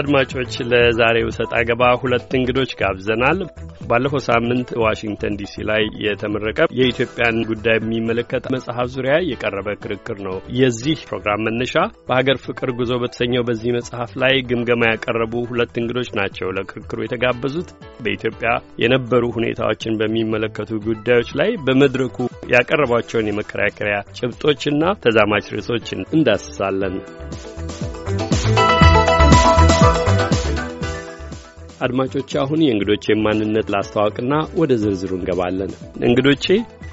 አድማጮች ለዛሬው ሰጥ አገባ ሁለት እንግዶች ጋብዘናል። ባለፈው ሳምንት ዋሽንግተን ዲሲ ላይ የተመረቀ የኢትዮጵያን ጉዳይ የሚመለከት መጽሐፍ ዙሪያ የቀረበ ክርክር ነው። የዚህ ፕሮግራም መነሻ በሀገር ፍቅር ጉዞ በተሰኘው በዚህ መጽሐፍ ላይ ግምገማ ያቀረቡ ሁለት እንግዶች ናቸው ለክርክሩ የተጋበዙት። በኢትዮጵያ የነበሩ ሁኔታዎችን በሚመለከቱ ጉዳዮች ላይ በመድረኩ ያቀረቧቸውን የመከራከሪያ ጭብጦችና ተዛማች ርዕሶችን እንዳስሳለን። አድማጮች አሁን የእንግዶቼን ማንነት ላስተዋወቅና ወደ ዝርዝሩ እንገባለን። እንግዶቼ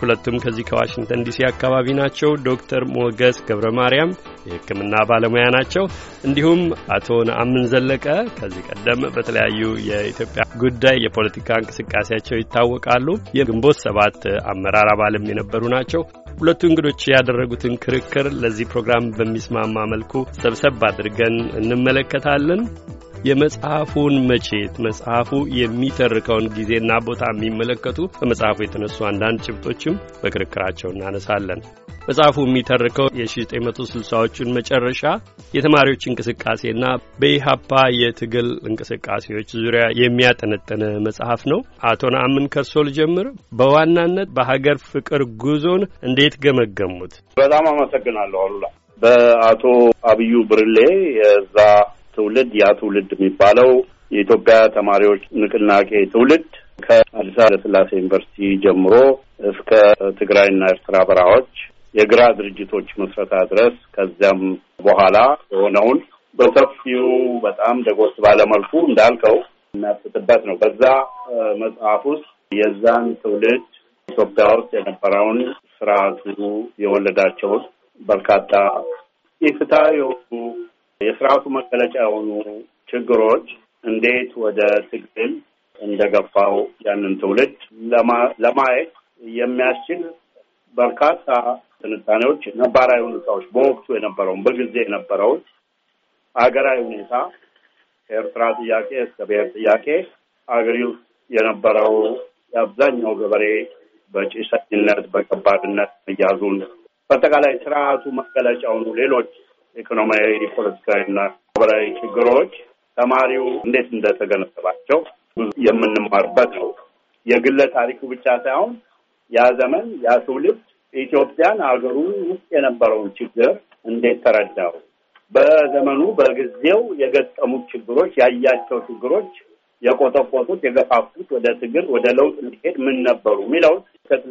ሁለቱም ከዚህ ከዋሽንግተን ዲሲ አካባቢ ናቸው። ዶክተር ሞገስ ገብረ ማርያም የሕክምና ባለሙያ ናቸው። እንዲሁም አቶ ነአምን ዘለቀ ከዚህ ቀደም በተለያዩ የኢትዮጵያ ጉዳይ የፖለቲካ እንቅስቃሴያቸው ይታወቃሉ። የግንቦት ሰባት አመራር አባልም የነበሩ ናቸው። ሁለቱ እንግዶች ያደረጉትን ክርክር ለዚህ ፕሮግራም በሚስማማ መልኩ ሰብሰብ አድርገን እንመለከታለን። የመጽሐፉን መቼት መጽሐፉ የሚተርከውን ጊዜና ቦታ የሚመለከቱ በመጽሐፉ የተነሱ አንዳንድ ጭብጦችም በክርክራቸው እናነሳለን። መጽሐፉ የሚተርከው የ1960ዎቹን መጨረሻ የተማሪዎች እንቅስቃሴና በኢህአፓ የትግል እንቅስቃሴዎች ዙሪያ የሚያጠነጠነ መጽሐፍ ነው። አቶ ነአምን ከርሶ ልጀምር። በዋናነት በሀገር ፍቅር ጉዞን እንዴት ገመገሙት? በጣም አመሰግናለሁ አሉላ። በአቶ አብዩ ብርሌ የዛ ትውልድ ያ ትውልድ የሚባለው የኢትዮጵያ ተማሪዎች ንቅናቄ ትውልድ ከአዲስ አበባ ስላሴ ዩኒቨርሲቲ ጀምሮ እስከ ትግራይና ኤርትራ በረሃዎች የግራ ድርጅቶች መስረታ ድረስ ከዚያም በኋላ የሆነውን በሰፊው በጣም ደጎስ ባለመልኩ እንዳልከው እናስጥበት ነው። በዛ መጽሐፍ ውስጥ የዛን ትውልድ ኢትዮጵያ ውስጥ የነበረውን ስርዓቱ የወለዳቸውን በርካታ ኢፍትሐዊ የሆኑ የስርዓቱ መገለጫ የሆኑ ችግሮች እንዴት ወደ ትግል እንደገፋው ያንን ትውልድ ለማየት የሚያስችል በርካታ ትንታኔዎች፣ ነባራዊ ሁኔታዎች፣ በወቅቱ የነበረውን በጊዜ የነበረውን ሀገራዊ ሁኔታ ከኤርትራ ጥያቄ እስከ ብሔር ጥያቄ አገሪ የነበረው የአብዛኛው ገበሬ በጭሰኝነት በከባድነት መያዙን በአጠቃላይ ስርዓቱ መገለጫውን ሌሎች ኢኮኖሚያዊ፣ ፖለቲካዊና ማህበራዊ ችግሮች ተማሪው እንዴት እንደተገነዘባቸው የምንማርበት ነው። የግለ ታሪኩ ብቻ ሳይሆን ያ ዘመን ያ ትውልድ ኢትዮጵያን ሀገሩ ውስጥ የነበረውን ችግር እንዴት ተረዳው፣ በዘመኑ በጊዜው የገጠሙት ችግሮች ያያቸው ችግሮች የቆጠቆጡት የገፋፉት ወደ ትግል ወደ ለውጥ እንዲሄድ ምን ነበሩ የሚለውን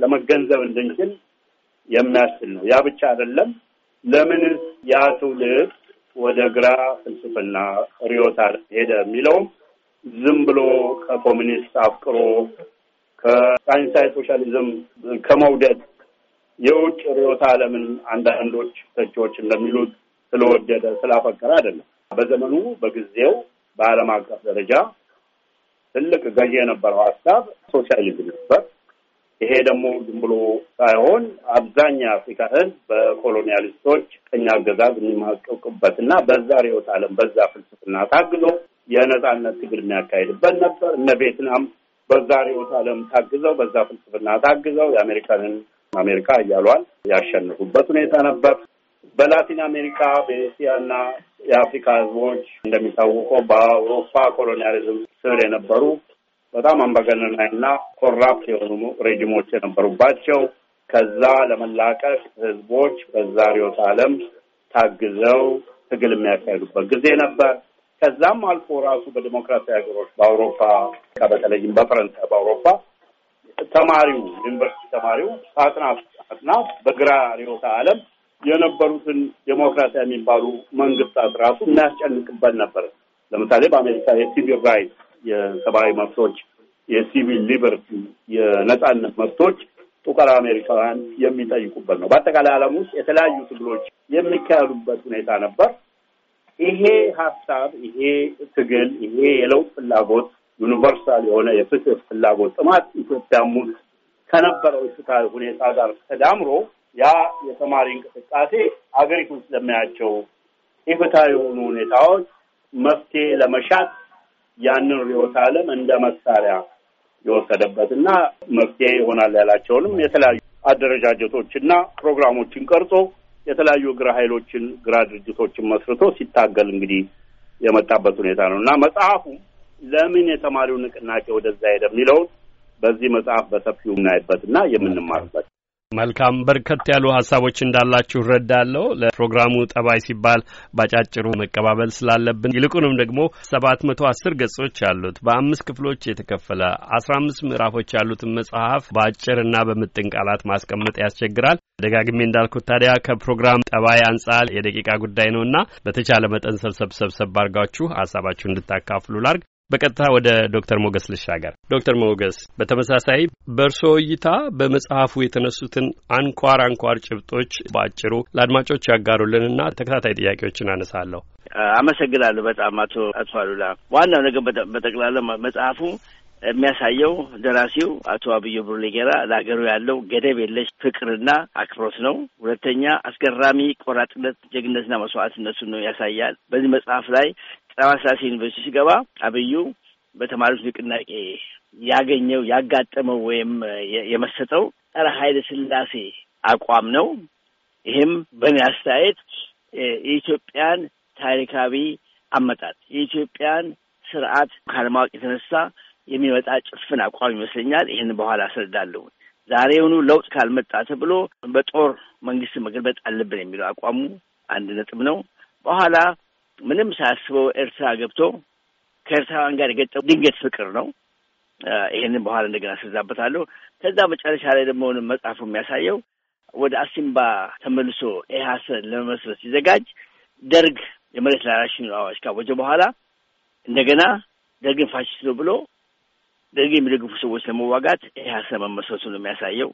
ለመገንዘብ እንድንችል የሚያስችል ነው። ያ ብቻ አይደለም። ለምንስ ያ ትውልድ ወደ ግራ ፍልስፍና ርዕዮተ ዓለም ሄደ የሚለውም ዝም ብሎ ከኮሚኒስት አፍቅሮ ከሳይንሳዊ ሶሻሊዝም ከመውደድ የውጭ ርዕዮተ ዓለምን አንዳንዶች ተቺዎች እንደሚሉት ስለወደደ ስላፈቀረ አይደለም። በዘመኑ በጊዜው በዓለም አቀፍ ደረጃ ትልቅ ገዢ የነበረው ሀሳብ ሶሻሊዝም ነበር። ይሄ ደግሞ ዝም ብሎ ሳይሆን አብዛኛው የአፍሪካ ህዝብ በኮሎኒያሊስቶች ቅኝ አገዛዝ የሚማቀቅበት እና በዛ ርዕዮተ ዓለም በዛ ፍልስፍና ታግዞ የነጻነት ትግል የሚያካሄድበት ነበር። እነ ቬትናም በዛ ርዕዮተ ዓለም ታግዘው በዛ ፍልስፍና ታግዘው የአሜሪካንን አሜሪካ እያሏል ያሸንፉበት ሁኔታ ነበር። በላቲን አሜሪካ በኤስያና የአፍሪካ ህዝቦች እንደሚታወቀው በአውሮፓ ኮሎኒያሊዝም ስር የነበሩ በጣም አምባገነናዊ እና ኮራፕት የሆኑ ሬጅሞች የነበሩባቸው ከዛ ለመላቀቅ ህዝቦች በዛ ርዕዮተ ዓለም ታግዘው ትግል የሚያካሄዱበት ጊዜ ነበር። ከዛም አልፎ ራሱ በዲሞክራሲያዊ ሀገሮች በአውሮፓ በተለይም በፈረንሳይ በአውሮፓ ተማሪው ዩኒቨርሲቲ ተማሪው አጥናፍ አጥናፍ በግራ ርዕዮተ ዓለም የነበሩትን ዴሞክራሲ የሚባሉ መንግስታት ራሱ የሚያስጨንቅበት ነበር። ለምሳሌ በአሜሪካ የሲቪል ራይት የሰብአዊ መብቶች፣ የሲቪል ሊበርቲ፣ የነጻነት መብቶች ጥቁር አሜሪካውያን የሚጠይቁበት ነው። በአጠቃላይ ዓለም ውስጥ የተለያዩ ትግሎች የሚካሄዱበት ሁኔታ ነበር። ይሄ ሀሳብ፣ ይሄ ትግል፣ ይሄ የለውጥ ፍላጎት ዩኒቨርሳል የሆነ የፍትህ ፍላጎት ጥማት ኢትዮጵያም ውስጥ ከነበረው ፍትሃዊ ሁኔታ ጋር ተዳምሮ ያ የተማሪ እንቅስቃሴ አገሪቱ ውስጥ ለሚያቸው ኢፍትሃዊ የሆኑ ሁኔታዎች መፍትሄ ለመሻት ያንን ርዕዮተ ዓለም እንደ መሳሪያ የወሰደበት እና መፍትሄ ይሆናል ያላቸውንም የተለያዩ አደረጃጀቶችና ፕሮግራሞችን ቀርጾ የተለያዩ ግራ ኃይሎችን ግራ ድርጅቶችን መስርቶ ሲታገል እንግዲህ የመጣበት ሁኔታ ነው እና መጽሐፉ ለምን የተማሪው ንቅናቄ ወደዛ ሄደ የሚለውን በዚህ መጽሐፍ በሰፊው እናይበት እና የምንማርበት መልካም በርከት ያሉ ሀሳቦች እንዳላችሁ እረዳለሁ። ለፕሮግራሙ ጠባይ ሲባል ባጫጭሩ መቀባበል ስላለብን ይልቁንም ደግሞ ሰባት መቶ አስር ገጾች ያሉት በአምስት ክፍሎች የተከፈለ አስራ አምስት ምዕራፎች ያሉትን መጽሐፍ በአጭርና በምጥን ቃላት ማስቀመጥ ያስቸግራል። ደጋግሜ እንዳልኩት ታዲያ ከፕሮግራም ጠባይ አንጻር የደቂቃ ጉዳይ ነውና በተቻለ መጠን ሰብሰብ ሰብሰብ አድርጋችሁ ሀሳባችሁ እንድታካፍሉ ላርግ በቀጥታ ወደ ዶክተር ሞገስ ልሻገር። ዶክተር ሞገስ በተመሳሳይ በእርስዎ እይታ በመጽሐፉ የተነሱትን አንኳር አንኳር ጭብጦች በአጭሩ ለአድማጮች ያጋሩልንና ተከታታይ ጥያቄዎችን አነሳለሁ። አመሰግናለሁ በጣም አቶ አቶ አሉላ። ዋናው ነገር በጠቅላላ መጽሐፉ የሚያሳየው ደራሲው አቶ አብዩ ብሩሌጌራ ለሀገሩ ያለው ገደብ የለሽ ፍቅርና አክብሮት ነው። ሁለተኛ አስገራሚ ቆራጥነት፣ ጀግነትና መስዋዕትነቱን ነው ያሳያል። በዚህ መጽሐፍ ላይ ራማስላሴ ዩኒቨርሲቲ ሲገባ አብዩ በተማሪዎች ንቅናቄ ያገኘው ያጋጠመው ወይም የመሰጠው ጸረ ኃይለ ስላሴ አቋም ነው። ይህም በእኔ አስተያየት የኢትዮጵያን ታሪካዊ አመጣጥ የኢትዮጵያን ስርዓት ካለማወቅ የተነሳ የሚመጣ ጭፍን አቋም ይመስለኛል። ይህን በኋላ አስረዳለሁ። ዛሬውኑ ለውጥ ካልመጣ ተብሎ በጦር መንግስት መገልበጥ አለብን የሚለው አቋሙ አንድ ነጥብ ነው። በኋላ ምንም ሳያስበው ኤርትራ ገብቶ ከኤርትራውያን ጋር የገጠው ድንገት ፍቅር ነው። ይህንን በኋላ እንደገና ስዛበታለሁ። ከዛ መጨረሻ ላይ ደግሞ መጽሐፉ የሚያሳየው ወደ አሲምባ ተመልሶ ኢህአሰን ለመመስረት ሲዘጋጅ ደርግ የመሬት ላራሽን አዋጅ ካወጀ በኋላ እንደገና ደርግን ፋሽስት ነው ብሎ ደርግ የሚደግፉ ሰዎች ለመዋጋት ኢህአሰን መመስረቱ ነው የሚያሳየው።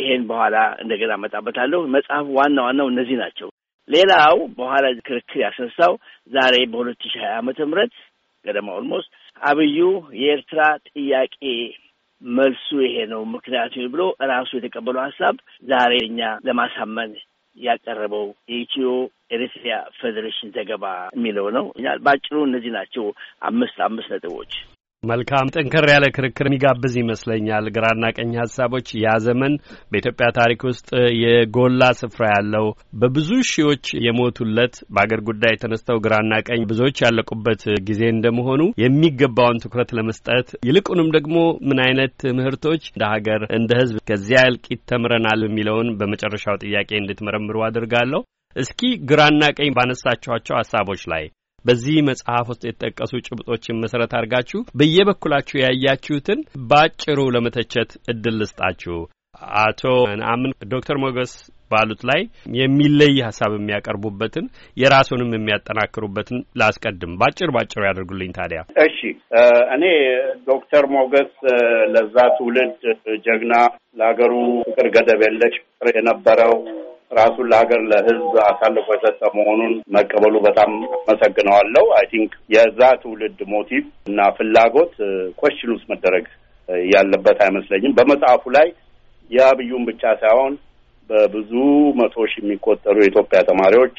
ይሄን በኋላ እንደገና መጣበታለሁ። መጽሐፉ ዋና ዋናው እነዚህ ናቸው። ሌላው በኋላ ክርክር ያስነሳው ዛሬ በሁለት ሺህ ሀያ ዓመተ ምህረት ገደማ ኦልሞስት አብዩ የኤርትራ ጥያቄ መልሱ ይሄ ነው ምክንያቱ ብሎ ራሱ የተቀበለው ሀሳብ ዛሬ እኛ ለማሳመን ያቀረበው የኢትዮ ኤሪትሪያ ፌዴሬሽን ዘገባ የሚለው ነው። ባጭሩ እነዚህ ናቸው አምስት አምስት ነጥቦች። መልካም ጠንከር ያለ ክርክር የሚጋብዝ ይመስለኛል። ግራና ቀኝ ሀሳቦች ያ ዘመን በኢትዮጵያ ታሪክ ውስጥ የጎላ ስፍራ ያለው በብዙ ሺዎች የሞቱለት በአገር ጉዳይ ተነስተው ግራና ቀኝ ብዙዎች ያለቁበት ጊዜ እንደመሆኑ የሚገባውን ትኩረት ለመስጠት ይልቁንም ደግሞ ምን አይነት ትምህርቶች እንደ ሀገር፣ እንደ ሕዝብ ከዚያ እልቂት ተምረናል የሚለውን በመጨረሻው ጥያቄ እንድትመረምሩ አድርጋለሁ። እስኪ ግራና ቀኝ ባነሳችኋቸው ሀሳቦች ላይ በዚህ መጽሐፍ ውስጥ የተጠቀሱ ጭብጦችን መሰረት አድርጋችሁ በየበኩላችሁ ያያችሁትን በአጭሩ ለመተቸት እድል ልስጣችሁ። አቶ ነአምን ዶክተር ሞገስ ባሉት ላይ የሚለይ ሀሳብ የሚያቀርቡበትን የራሱንም የሚያጠናክሩበትን ላስቀድም። ባጭር ባጭሩ ያደርጉልኝ ታዲያ። እሺ፣ እኔ ዶክተር ሞገስ ለዛ ትውልድ ጀግና፣ ለሀገሩ ፍቅር ገደብ የለሽ ፍቅር የነበረው ራሱን ለሀገር ለህዝብ አሳልፎ የሰጠ መሆኑን መቀበሉ በጣም መሰግነዋለው። አይ ቲንክ የዛ ትውልድ ሞቲቭ እና ፍላጎት ኮሽን ውስጥ መደረግ ያለበት አይመስለኝም። በመጽሐፉ ላይ የአብዩን ብቻ ሳይሆን በብዙ መቶ ሺህ የሚቆጠሩ የኢትዮጵያ ተማሪዎች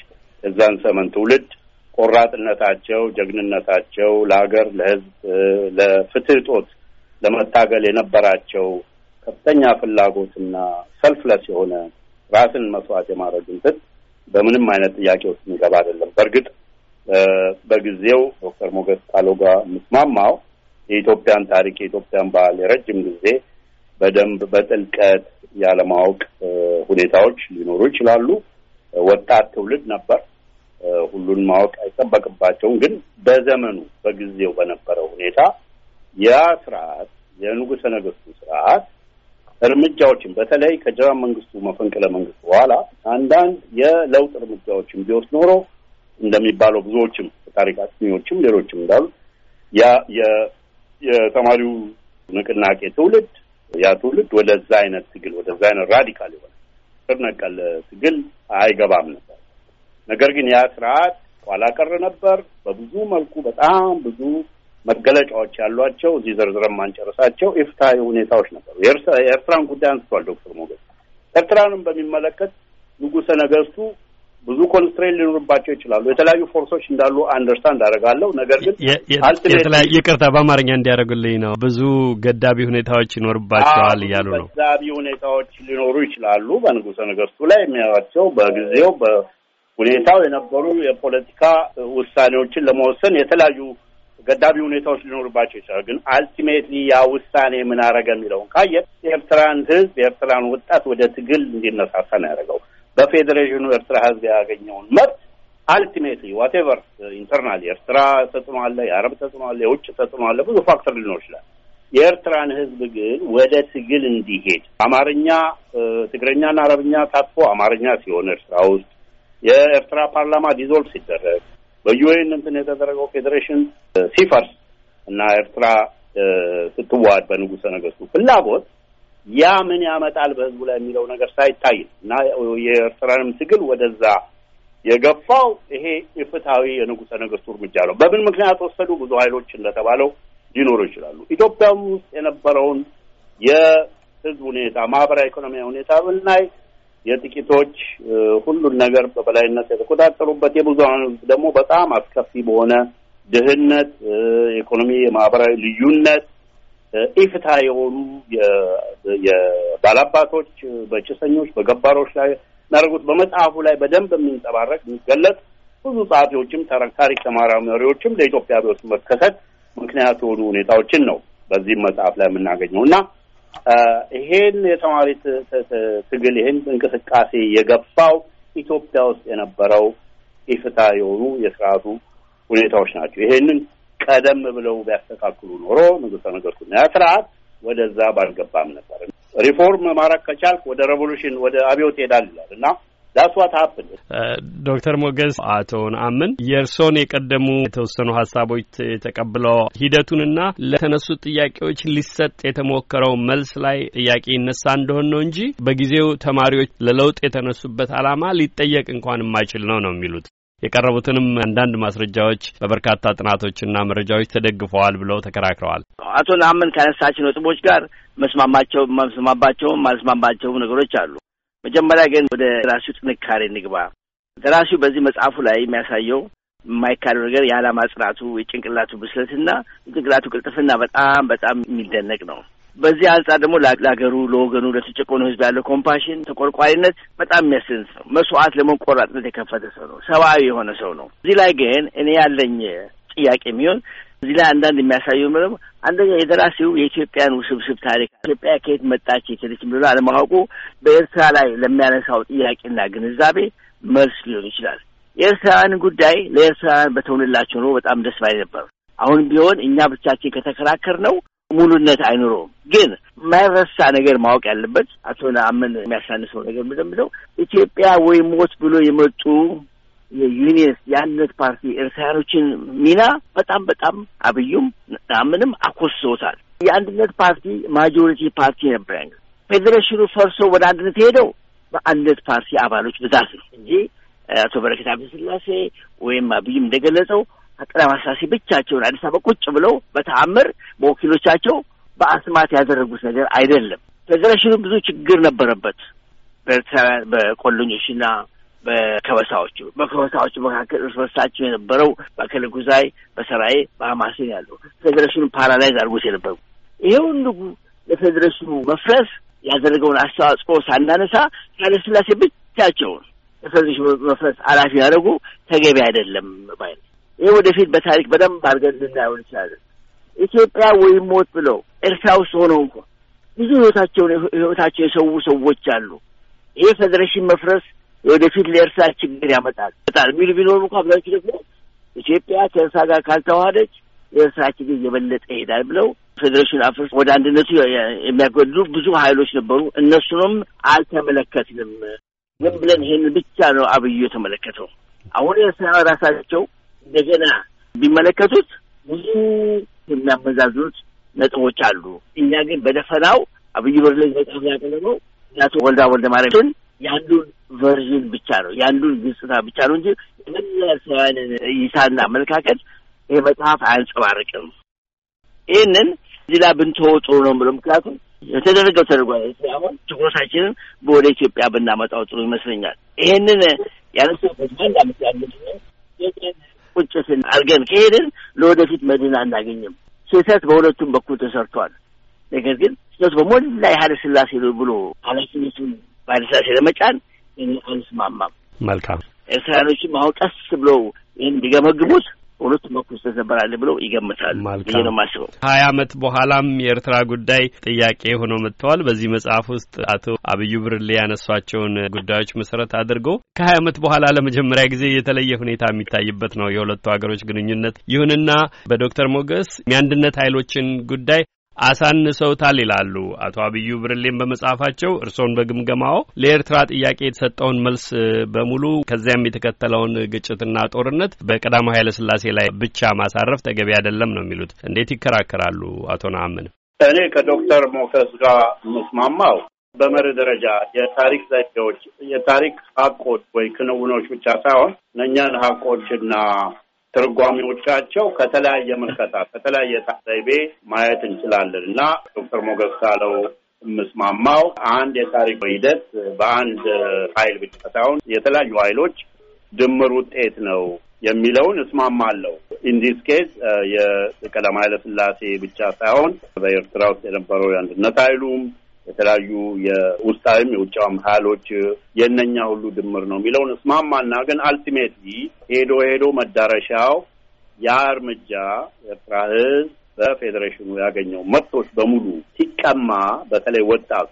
እዛን ዘመን ትውልድ ቆራጥነታቸው፣ ጀግንነታቸው ለሀገር ለህዝብ ለፍትህ ጦት ለመታገል የነበራቸው ከፍተኛ ፍላጎትና ሰልፍለስ የሆነ ራስን መስዋዕት የማድረግ እንትን በምንም አይነት ጥያቄ ውስጥ የሚገባ አይደለም። በእርግጥ በጊዜው ዶክተር ሞገስ ካሎ ጋር የምስማማው የኢትዮጵያን ታሪክ የኢትዮጵያን ባህል የረጅም ጊዜ በደንብ በጥልቀት ያለማወቅ ሁኔታዎች ሊኖሩ ይችላሉ። ወጣት ትውልድ ነበር። ሁሉን ማወቅ አይጠበቅባቸውም። ግን በዘመኑ በጊዜው በነበረው ሁኔታ ያ ስርዓት የንጉሰ ነገስቱ ስርዓት እርምጃዎችን በተለይ ከጀራ መንግስቱ መፈንቅለ መንግስት በኋላ አንዳንድ የለውጥ እርምጃዎችን ቢወስድ ኖሮ እንደሚባለው ብዙዎችም ታሪክ አጥኚዎችም ሌሎችም እንዳሉ ያ የተማሪው ንቅናቄ ትውልድ ያ ትውልድ ወደዛ አይነት ትግል ወደዛ አይነት ራዲካል የሆነ ስር ነቀል ትግል አይገባም ነበር። ነገር ግን ያ ስርዓት ኋላ ቀር ነበር። በብዙ መልኩ በጣም ብዙ መገለጫዎች ያሏቸው እዚህ ዘርዝረን ማንጨረሳቸው ኢፍትሐዊ ሁኔታዎች ነበሩ። የኤርትራን ጉዳይ አንስቷል ዶክተር ሞገስ። ኤርትራንም በሚመለከት ንጉሰ ነገስቱ ብዙ ኮንስትሬን ሊኖርባቸው ይችላሉ። የተለያዩ ፎርሶች እንዳሉ አንደርስታንድ አደርጋለሁ። ነገር ግን የተለያዩ ይቅርታ፣ በአማርኛ እንዲያደርጉልኝ ነው። ብዙ ገዳቢ ሁኔታዎች ይኖርባቸዋል እያሉ ነው። ገዳቢ ሁኔታዎች ሊኖሩ ይችላሉ በንጉሰ ነገስቱ ላይ የሚያቸው በጊዜው በሁኔታው የነበሩ የፖለቲካ ውሳኔዎችን ለመወሰን የተለያዩ ገዳቢ ሁኔታዎች ሊኖሩባቸው ይችላል። ግን አልቲሜትሊ ያ ውሳኔ ምን አረገ የሚለውን ካየ የኤርትራን ህዝብ የኤርትራን ወጣት ወደ ትግል እንዲነሳሳ ነው ያደረገው። በፌዴሬሽኑ ኤርትራ ህዝብ ያገኘውን መብት አልቲሜትሊ ዋቴቨር ኢንተርናል የኤርትራ ተጽዕኖ አለ፣ የአረብ ተጽዕኖ አለ፣ የውጭ ተጽዕኖ አለ፣ ብዙ ፋክተር ሊኖር ይችላል። የኤርትራን ህዝብ ግን ወደ ትግል እንዲሄድ አማርኛ፣ ትግረኛና አረብኛ ታጥፎ አማርኛ ሲሆን ኤርትራ ውስጥ የኤርትራ ፓርላማ ዲዞልቭ ሲደረግ በዩኤን እንትን የተደረገው ፌዴሬሽን ሲፈርስ እና ኤርትራ ስትዋሃድ በንጉሰ ነገስቱ ፍላጎት ያ ምን ያመጣል በህዝቡ ላይ የሚለው ነገር ሳይታይ እና የኤርትራንም ትግል ወደዛ የገፋው ይሄ የፍትሐዊ የንጉሰ ነገስቱ እርምጃ ነው። በምን ምክንያት ወሰዱ? ብዙ ኃይሎች እንደተባለው ሊኖሩ ይችላሉ። ኢትዮጵያ ውስጥ የነበረውን የህዝብ ሁኔታ፣ ማህበራዊ ኢኮኖሚያዊ ሁኔታ ብናይ የጥቂቶች ሁሉን ነገር በበላይነት የተቆጣጠሩበት የብዙሀኑ ደግሞ በጣም አስከፊ በሆነ ድህነት፣ የኢኮኖሚ፣ የማህበራዊ ልዩነት ኢፍታ የሆኑ የባላባቶች በጭሰኞች፣ በገባሮች ላይ ናደረጉት በመጽሐፉ ላይ በደንብ የሚንጸባረቅ የሚገለጽ ብዙ ጸሐፊዎችም ታሪክ ተመራማሪዎችም ለኢትዮጵያ አብዮት መከሰት ምክንያት የሆኑ ሁኔታዎችን ነው በዚህም መጽሐፍ ላይ የምናገኘው እና ይሄን የተማሪ ትግል ይሄን እንቅስቃሴ የገፋው ኢትዮጵያ ውስጥ የነበረው ኢፍታ የሆኑ የስርዓቱ ሁኔታዎች ናቸው። ይሄንን ቀደም ብለው ቢያስተካክሉ ኖሮ ንጉሠ ነገሥቱና ያ ስርዓት ወደዛ ባልገባም ነበር። ሪፎርም ማድረግ ከቻልክ ወደ ሬቮሉሽን ወደ አብዮት ሄዳል ይላል እና ዳስ ዋት ሀፕን። ዶክተር ሞገስ አቶ ነአምን የእርስዎን የቀደሙ የተወሰኑ ሀሳቦች ተቀብለው ሂደቱንና ለተነሱ ጥያቄዎች ሊሰጥ የተሞከረው መልስ ላይ ጥያቄ ይነሳ እንደሆን ነው እንጂ በጊዜው ተማሪዎች ለለውጥ የተነሱበት አላማ ሊጠየቅ እንኳን የማይችል ነው ነው የሚሉት የቀረቡትንም አንዳንድ ማስረጃዎች በበርካታ ጥናቶችና መረጃዎች ተደግፈዋል ብለው ተከራክረዋል። አቶ ናምን ካነሳችን ነጥቦች ጋር መስማማቸው መስማማባቸውም ማልስማማቸውም ነገሮች አሉ። መጀመሪያ ግን ወደ ደራሲው ጥንካሬ እንግባ። ደራሲው በዚህ መጽሐፉ ላይ የሚያሳየው የማይካደው ነገር የዓላማ ጽናቱ፣ የጭንቅላቱ ብስለትና የጭንቅላቱ ቅልጥፍና በጣም በጣም የሚደነቅ ነው። በዚህ አንጻር ደግሞ ለሀገሩ፣ ለወገኑ፣ ለተጨቆኑ ህዝብ ያለው ኮምፓሽን፣ ተቆርቋሪነት በጣም የሚያስደንቅ ነው። መስዋዕት ለመቆራጥነት የከፈተ ሰው ነው። ሰብአዊ የሆነ ሰው ነው። እዚህ ላይ ግን እኔ ያለኝ ጥያቄ የሚሆን እዚህ ላይ አንዳንድ የሚያሳየው ደግሞ አንደኛ የደራሲው የኢትዮጵያን ውስብስብ ታሪክ ኢትዮጵያ ከየት መጣች የተለች ብሎ አለማወቁ በኤርትራ ላይ ለሚያነሳው ጥያቄና ግንዛቤ መልስ ሊሆን ይችላል። የኤርትራውያን ጉዳይ ለኤርትራውያን በተውንላቸው ነው። በጣም ደስ ባይ ነበር። አሁን ቢሆን እኛ ብቻችን ከተከራከር ነው ሙሉነት አይኖረውም። ግን የማይረሳ ነገር ማወቅ ያለበት አቶ ነአምን የሚያሳንሰው ነገር ምደምደው ኢትዮጵያ ወይ ሞት ብሎ የመጡ የዩኒየስ የአንድነት ፓርቲ ኤርትራያኖችን ሚና በጣም በጣም አብዩም ምንም አኮስሶታል። የአንድነት ፓርቲ ማጆሪቲ ፓርቲ ነበር። ያ ፌዴሬሽኑ ፈርሶ ወደ አንድነት የሄደው በአንድነት ፓርቲ አባሎች ብዛት ነው እንጂ አቶ በረከት አብ ስላሴ ወይም አብይም እንደገለጸው ጠቅላይ ማስላሴ ብቻቸውን አዲስ አበባ ቁጭ ብለው በተአምር በወኪሎቻቸው በአስማት ያደረጉት ነገር አይደለም። ፌዴሬሽኑ ብዙ ችግር ነበረበት በኤርትራውያን በቆሎኞችና በከበሳዎቹ በከበሳዎቹ መካከል እርስ በርሳቸው የነበረው በአከለ ጉዛይ፣ በሰራዬ፣ በአማሴን ያለው ፌዴሬሽኑ ፓራላይዝ አድርጎት የነበሩ ይሄ ሁሉ ለፌዴሬሽኑ መፍረስ ያደረገውን አስተዋጽኦ ሳናነሳ ኃይለሥላሴ ብቻቸውን ለፌዴሬሽኑ መፍረስ ኃላፊ ያደረጉ ተገቢ አይደለም ባይ ይህ ወደፊት በታሪክ በደንብ አድርገን ልናየው እንችላለን። ኢትዮጵያ ወይም ሞት ብለው ኤርትራ ውስጥ ሆነው እንኳ ብዙ ህይወታቸውን ህይወታቸው የሰው ሰዎች አሉ። ይህ ፌዴሬሽን መፍረስ ወደፊት ለእርሳት ችግር ያመጣል በጣም የሚሉ ቢኖሩ እንኳ አብዛኞቹ ደግሞ ኢትዮጵያ ከእርሳ ጋር ካልተዋሃደች የእርሳት ችግር እየበለጠ ይሄዳል ብለው ፌዴሬሽን አፍርስ ወደ አንድነቱ የሚያጎድሉ ብዙ ሀይሎች ነበሩ። እነሱንም አልተመለከትንም። ዝም ብለን ይሄንን ብቻ ነው አብዩ የተመለከተው። አሁን የእርሳ ራሳቸው እንደገና ቢመለከቱት ብዙ የሚያመዛዝኑት ነጥቦች አሉ። እኛ ግን በደፈናው አብይ በር ላይ መጽሐፍ ያቀረበው እናቱ ወልዳ ወልደ ማርያምን ያሉን ቨርዥን ብቻ ነው የአንዱን ግጽታ ብቻ ነው እንጂ እነዚያ ሰዋንን እይታና አመለካከት ይህ መጽሐፍ አያንጸባርቅም። ይህንን እዚህ ላይ ብንተወው ጥሩ ነው ብሎ ምክንያቱም የተደረገው ተደርጓል። አሁን ትኩረታችንን ወደ ኢትዮጵያ ብናመጣው ጥሩ ይመስለኛል። ይህንን ያነሳበት አንድ አመት ያሉት ቁጭትን አድርገን ከሄድን ለወደፊት መድን አናገኝም። ስህተት በሁለቱም በኩል ተሰርቷል። ነገር ግን ስህተቱ በሞላ የኃይለ ስላሴ ብሎ ኃላፊነቱን በኃይለ ሥላሴ ለመጫን እኔ አልስማማም። መልካም አሁን ቀስ ብለው ይህን ቢገመግሙት ሁለት መኩስ ተሰበራል ብለው ይገምታል ብዬ ነው ማስበው። ሀያ አመት በኋላም የኤርትራ ጉዳይ ጥያቄ ሆኖ መጥተዋል። በዚህ መጽሐፍ ውስጥ አቶ አብዩ ብርሌ ያነሷቸውን ጉዳዮች መሰረት አድርጎ ከሀያ አመት በኋላ ለመጀመሪያ ጊዜ የተለየ ሁኔታ የሚታይበት ነው የሁለቱ ሀገሮች ግንኙነት። ይሁንና በዶክተር ሞገስ የአንድነት ኃይሎችን ጉዳይ አሳንሰውታል ይላሉ አቶ አብዩ ብርሌን በመጽሐፋቸው። እርስዎን በግምገማው ለኤርትራ ጥያቄ የተሰጠውን መልስ በሙሉ ከዚያም የተከተለውን ግጭትና ጦርነት በቀዳማዊ ስላሴ ላይ ብቻ ማሳረፍ ተገቢ አይደለም ነው የሚሉት። እንዴት ይከራከራሉ አቶ ነአምን? እኔ ከዶክተር ሞከስ ጋር ምስማማው በመርህ ደረጃ የታሪክ ዘዴዎች የታሪክ ሀቆች ወይ ክንውኖች ብቻ ሳይሆን እነኛን ሀቆችና ትርጓሚዎቻቸው ከተለያየ ምልከታ ከተለያየ ታዛይቤ ማየት እንችላለን እና ዶክተር ሞገስ ካለው የምስማማው አንድ የታሪክ ሂደት በአንድ ኃይል ብቻ ሳይሆን የተለያዩ ኃይሎች ድምር ውጤት ነው የሚለውን እስማማለሁ። ኢንዲስ ኬዝ uh, የቀዳማዊ ኃይለ ሥላሴ ብቻ ሳይሆን በኤርትራ ውስጥ የነበረው የአንድነት ኃይሉም የተለያዩ የውስጣዊም የውጫም ሀይሎች የእነኛ ሁሉ ድምር ነው የሚለውን እስማማና ግን አልቲሜትሊ ሄዶ ሄዶ መዳረሻው ያ እርምጃ ኤርትራ ህዝብ በፌዴሬሽኑ ያገኘው መብቶች በሙሉ ሲቀማ፣ በተለይ ወጣቱ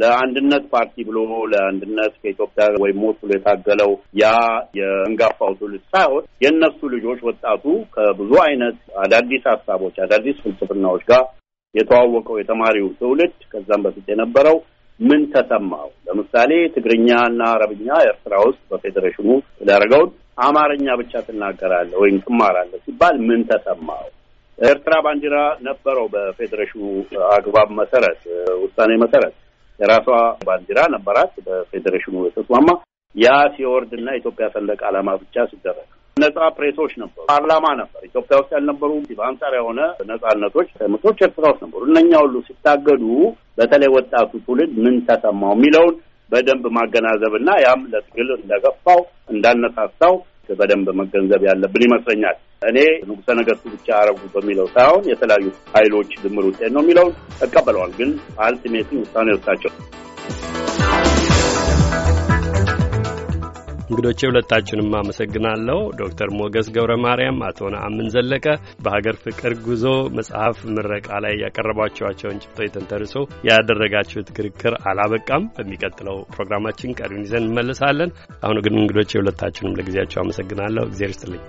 ለአንድነት ፓርቲ ብሎ ለአንድነት ከኢትዮጵያ ወይ ሞት ብሎ የታገለው ያ የእንጋፋው ትውልድ ሳይሆን የእነሱ ልጆች ወጣቱ ከብዙ አይነት አዳዲስ ሀሳቦች፣ አዳዲስ ፍልስፍናዎች ጋር የተዋወቀው የተማሪው ትውልድ ከዛም በፊት የነበረው ምን ተሰማው? ለምሳሌ ትግርኛና አረብኛ ኤርትራ ውስጥ በፌዴሬሽኑ ያደረገውን አማርኛ ብቻ ትናገራለ ወይም ትማራለ ሲባል ምን ተሰማው? ኤርትራ ባንዲራ ነበረው በፌዴሬሽኑ አግባብ መሰረት ውሳኔ መሰረት የራሷ ባንዲራ ነበራት በፌዴሬሽኑ የተስማማ ያ ሲወርድና ኢትዮጵያ ሰንደቅ ዓላማ ብቻ ሲደረግ ነጻ ፕሬሶች ነበሩ፣ ፓርላማ ነበር። ኢትዮጵያ ውስጥ ያልነበሩ በአንጻር የሆነ ነጻነቶች ምቶች ኤርትራ ውስጥ ነበሩ። እነኛ ሁሉ ሲታገዱ በተለይ ወጣቱ ትውልድ ምን ተሰማው የሚለውን በደንብ ማገናዘብ ማገናዘብና ያም ለትግል እንደገፋው እንዳነሳሳው በደንብ መገንዘብ ያለብን ይመስለኛል። እኔ ንጉሠ ነገሥቱ ብቻ አረጉ በሚለው ሳይሆን የተለያዩ ኃይሎች ድምር ውጤት ነው የሚለውን እቀበለዋል። ግን አልቲሜቲ ውሳኔ ወሳቸው እንግዶቼ ሁለታችሁንም አመሰግናለሁ። ዶክተር ሞገስ ገብረ ማርያም፣ አቶ ነአምን ዘለቀ በሀገር ፍቅር ጉዞ መጽሐፍ ምረቃ ላይ ያቀረባችኋቸውን ጭብጦች ተንተርሶ ያደረጋችሁት ክርክር አላበቃም። በሚቀጥለው ፕሮግራማችን ቀሪውን ይዘን እንመልሳለን። አሁን ግን እንግዶቼ ሁለታችሁንም ለጊዜያቸው አመሰግናለሁ። እግዜር ይስጥልኝ።